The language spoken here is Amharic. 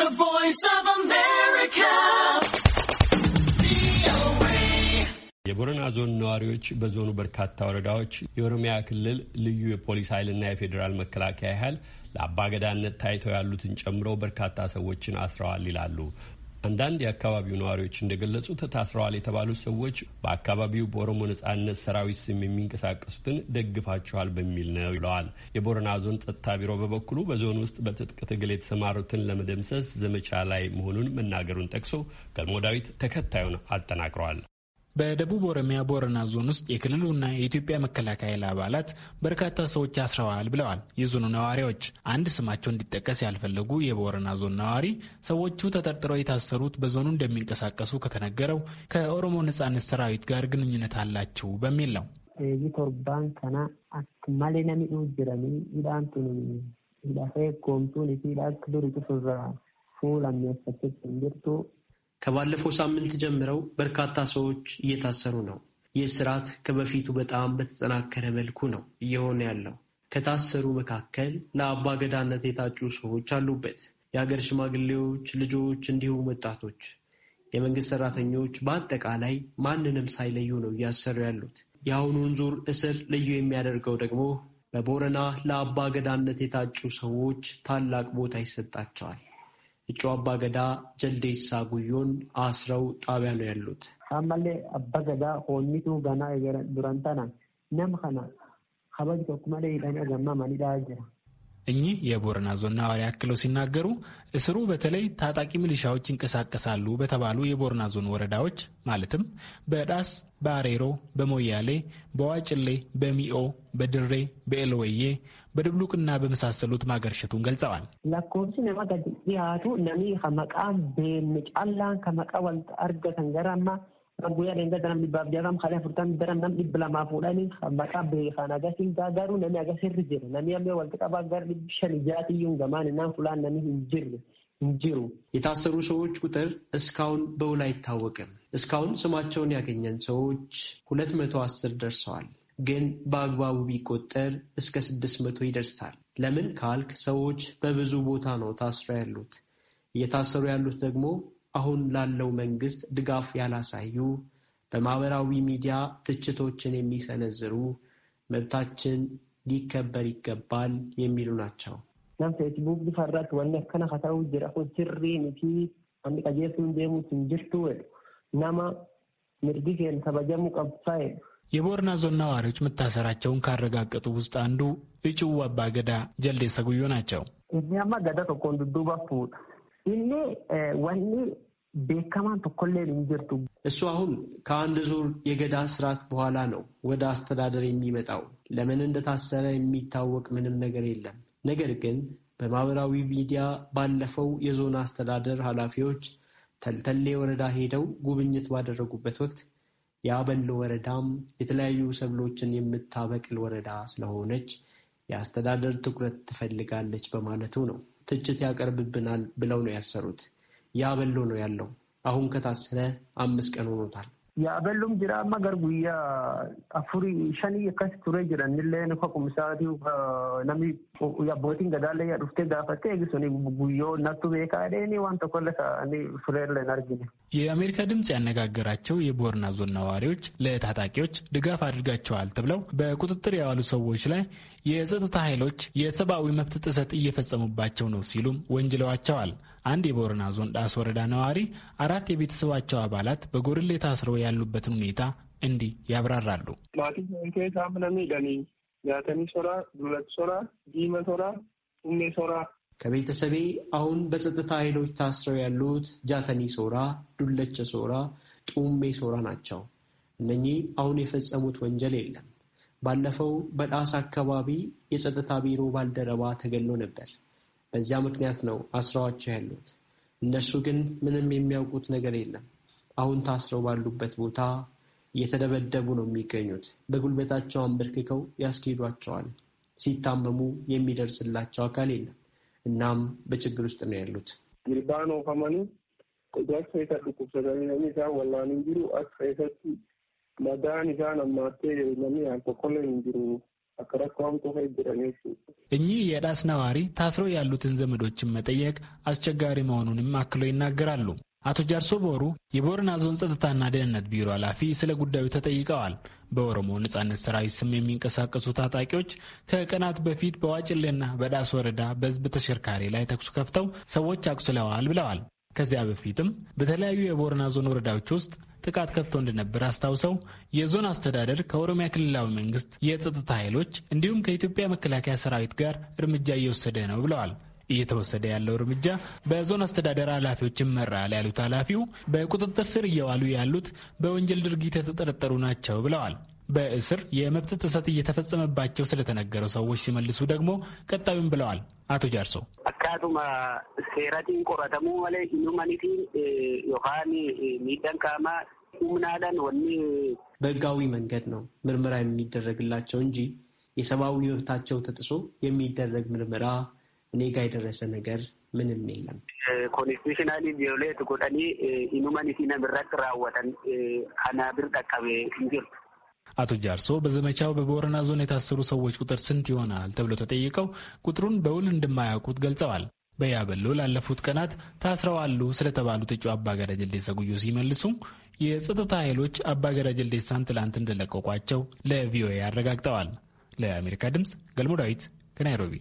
The Voice of America. የቦረና ዞን ነዋሪዎች በዞኑ በርካታ ወረዳዎች የኦሮሚያ ክልል ልዩ የፖሊስ ኃይልና የፌዴራል መከላከያ ኃይል ለአባገዳነት ታይተው ያሉትን ጨምሮ በርካታ ሰዎችን አስረዋል ይላሉ። አንዳንድ የአካባቢው ነዋሪዎች እንደገለጹ ተታስረዋል የተባሉት ሰዎች በአካባቢው በኦሮሞ ነጻነት ሰራዊት ስም የሚንቀሳቀሱትን ደግፋቸዋል በሚል ነው ይለዋል። የቦረና ዞን ጸጥታ ቢሮ በበኩሉ በዞን ውስጥ በትጥቅ ትግል የተሰማሩትን ለመደምሰስ ዘመቻ ላይ መሆኑን መናገሩን ጠቅሶ ገልሞ ዳዊት ተከታዩን አጠናቅረዋል። በደቡብ ኦሮሚያ ቦረና ዞን ውስጥ የክልሉና የኢትዮጵያ መከላከያ ኃይል አባላት በርካታ ሰዎች አስረዋል ብለዋል የዞኑ ነዋሪዎች። አንድ ስማቸው እንዲጠቀስ ያልፈለጉ የቦረና ዞን ነዋሪ ሰዎቹ ተጠርጥረው የታሰሩት በዞኑ እንደሚንቀሳቀሱ ከተነገረው ከኦሮሞ ነጻነት ሰራዊት ጋር ግንኙነት አላቸው በሚል ነው። ቶርባን ከና ጅረሚ ፉላ እንድርቱ ከባለፈው ሳምንት ጀምረው በርካታ ሰዎች እየታሰሩ ነው። ይህ ስርዓት ከበፊቱ በጣም በተጠናከረ መልኩ ነው እየሆነ ያለው። ከታሰሩ መካከል ለአባ ገዳነት የታጩ ሰዎች አሉበት። የሀገር ሽማግሌዎች፣ ልጆች እንዲሁም ወጣቶች፣ የመንግስት ሰራተኞች በአጠቃላይ ማንንም ሳይለዩ ነው እያሰሩ ያሉት። የአሁኑን ዙር እስር ልዩ የሚያደርገው ደግሞ በቦረና ለአባ ገዳነት የታጩ ሰዎች ታላቅ ቦታ ይሰጣቸዋል። እጩ ገዳ ጀልዴሳ ጉዮን አስረው ጣቢያ ነው ያሉት። አማሌ አባገዳ ሆኒቱ ገና ዱራንታና ነም ከና ከበጅ ቶኩመለ ገማ ማኒዳ ጅራ እኚህ የቦረና ዞን ነዋሪ አክለው ሲናገሩ እስሩ በተለይ ታጣቂ ሚሊሻዎች ይንቀሳቀሳሉ በተባሉ የቦረና ዞን ወረዳዎች ማለትም በዳስ፣ በአሬሮ፣ በሞያሌ፣ በዋጭሌ፣ በሚኦ፣ በድሬ፣ በኤልወዬ፣ በድብሉቅና በመሳሰሉት ማገርሸቱን ገልጸዋል። ለኮብሲ ነማ ገዲያቱ ነሚ ከመቃ ቤምጫላን ከመቃ ወልጠ አርገተንገራማ guyyaa deengaa dana dhibbaaf jaatamu kalee afurtamii dana nam dhibba lamaa fuudhanii maqaa beekan agarsiin garuu namni agarsiirri jiru namni ammoo walitti qabaa gara dhibbi shan ijaatiyyuu gamaan naan fulaan namni hin jirre hin jiru. የታሰሩ ሰዎች ቁጥር እስካሁን በውል አይታወቅም። እስካሁን ስማቸውን ያገኘን ሰዎች ሁለት መቶ አስር ደርሰዋል። ግን በአግባቡ ቢቆጠር እስከ ስድስት መቶ ይደርሳል። ለምን ካልክ ሰዎች በብዙ ቦታ ነው ታስረው ያሉት። እየታሰሩ ያሉት ደግሞ አሁን ላለው መንግስት ድጋፍ ያላሳዩ፣ በማህበራዊ ሚዲያ ትችቶችን የሚሰነዝሩ መብታችን ሊከበር ይገባል የሚሉ ናቸው። ናም ፌስቡክ ፈራት ወነ ከነ ከታው ጅራሁ ጅሪ ንቲ አሚ ንዴሙ ትንጅርቱ ጅርቱ ናማ ምርጊፌን ተበጀሙ ቀብሳ የቦርና ዞን ነዋሪዎች መታሰራቸውን ካረጋገጡ ውስጥ አንዱ እጩው አባገዳ ጀልዴ ሰጉዮ ናቸው። እዚህማ ገዳ ተኮንዱዱባ ባፉ inni ወኔ ቤከማን ቶኮሌን እንጀርቱ እሱ አሁን ከአንድ ዙር የገዳ ስርዓት በኋላ ነው ወደ አስተዳደር የሚመጣው። ለምን እንደታሰረ የሚታወቅ ምንም ነገር የለም። ነገር ግን በማህበራዊ ሚዲያ ባለፈው የዞን አስተዳደር ኃላፊዎች ተልተሌ ወረዳ ሄደው ጉብኝት ባደረጉበት ወቅት የአበሎ ወረዳም የተለያዩ ሰብሎችን የምታበቅል ወረዳ ስለሆነች የአስተዳደር ትኩረት ትፈልጋለች በማለቱ ነው። ትችት ያቀርብብናል ብለው ነው ያሰሩት። ያበሎ ነው ያለው። አሁን ከታሰረ አምስት ቀን ሆኖታል። Yaaballuun jira amma gar guyyaa afurii shanii akkas ture jiranillee nuka kumsaati namni abbootiin gadaallee dhuftee gaafatte sun guyyoo nattu beekaa dheeni waan tokkolle ፍሬለን አርግኝ የአሜሪካ ድምፅ ያነጋገራቸው የቦርና ዞን ነዋሪዎች ለታጣቂዎች ድጋፍ አድርጋቸዋል ተብለው በቁጥጥር የዋሉ ሰዎች ላይ የጸጥታ ኃይሎች የሰብአዊ መብት ጥሰት እየፈጸሙባቸው ነው ሲሉም ወንጅለዋቸዋል። አንድ የቦረና ዞን ዳስ ወረዳ ነዋሪ አራት የቤተሰባቸው አባላት በጎርሌ ታስረው ያሉበትን ሁኔታ እንዲህ ያብራራሉ። ከቤተሰቤ አሁን በጸጥታ ኃይሎች ታስረው ያሉት ጃተኒ ሶራ፣ ዱለቸ ሶራ፣ ጡሜ ሶራ ናቸው። እነኚህ አሁን የፈጸሙት ወንጀል የለም። ባለፈው በዳስ አካባቢ የጸጥታ ቢሮ ባልደረባ ተገሎ ነበር። በዚያ ምክንያት ነው አስረዋቸው ያሉት። እነርሱ ግን ምንም የሚያውቁት ነገር የለም። አሁን ታስረው ባሉበት ቦታ እየተደበደቡ ነው የሚገኙት። በጉልበታቸው አንበርክከው ያስኬዷቸዋል። ሲታመሙ የሚደርስላቸው አካል የለም። እናም በችግር ውስጥ ነው ያሉት። ግርባኖ ከመኑ ወላን እንጅሩ አስ መዳን ኢሳን አማቴ ለሚ አንቶኮለን እንጅሩ እኚህ የዳስ ነዋሪ ታስረው ያሉትን ዘመዶችን መጠየቅ አስቸጋሪ መሆኑንም አክለው ይናገራሉ። አቶ ጃርሶ ቦሩ የቦረና ዞን ጸጥታና ደህንነት ቢሮ ኃላፊ ስለ ጉዳዩ ተጠይቀዋል። በኦሮሞ ነጻነት ሰራዊት ስም የሚንቀሳቀሱ ታጣቂዎች ከቀናት በፊት በዋጭሌና በዳስ ወረዳ በህዝብ ተሽከርካሪ ላይ ተኩስ ከፍተው ሰዎች አቁስለዋል ብለዋል። ከዚያ በፊትም በተለያዩ የቦረና ዞን ወረዳዎች ውስጥ ጥቃት ከፍቶ እንደነበር አስታውሰው የዞን አስተዳደር ከኦሮሚያ ክልላዊ መንግስት የጸጥታ ኃይሎች እንዲሁም ከኢትዮጵያ መከላከያ ሰራዊት ጋር እርምጃ እየወሰደ ነው ብለዋል። እየተወሰደ ያለው እርምጃ በዞን አስተዳደር ኃላፊዎች ይመራል ያሉት ኃላፊው በቁጥጥር ስር እየዋሉ ያሉት በወንጀል ድርጊት የተጠረጠሩ ናቸው ብለዋል። በእስር የመብት ጥሰት እየተፈጸመባቸው ስለተነገረው ሰዎች ሲመልሱ ደግሞ ቀጣዩም ብለዋል አቶ ጃርሶ አካቱም ሴራቲን ቆረተሙ መለ ሂኑማኒቲን ዮሀን ሚደንቃማ ቁምናለን ወኒ በህጋዊ መንገድ ነው ምርመራ የሚደረግላቸው እንጂ የሰብአዊ መብታቸው ተጥሶ የሚደረግ ምርመራ እኔ ጋ የደረሰ ነገር ምንም የለም። ኮንስቲቱሽናሊ ቪዮሌት ጎጠኒ ኢኑማኒቲ ነምረት ራወተን አናብር ጠቀቤ እንጅር አቶ ጃርሶ በዘመቻው በቦረና ዞን የታሰሩ ሰዎች ቁጥር ስንት ይሆናል ተብሎ ተጠይቀው ቁጥሩን በውል እንደማያውቁት ገልጸዋል። በያበሎ ላለፉት ቀናት ታስረዋሉ ስለተባሉ እጩ አባገዳ ጀልዴሳ ጉዮ ሲመልሱ የጸጥታ ኃይሎች አባገዳ ጀልዴሳን ትላንት እንደለቀቋቸው ለቪኦኤ አረጋግጠዋል። ለአሜሪካ ድምፅ ገልሞ ዳዊት ከናይሮቢ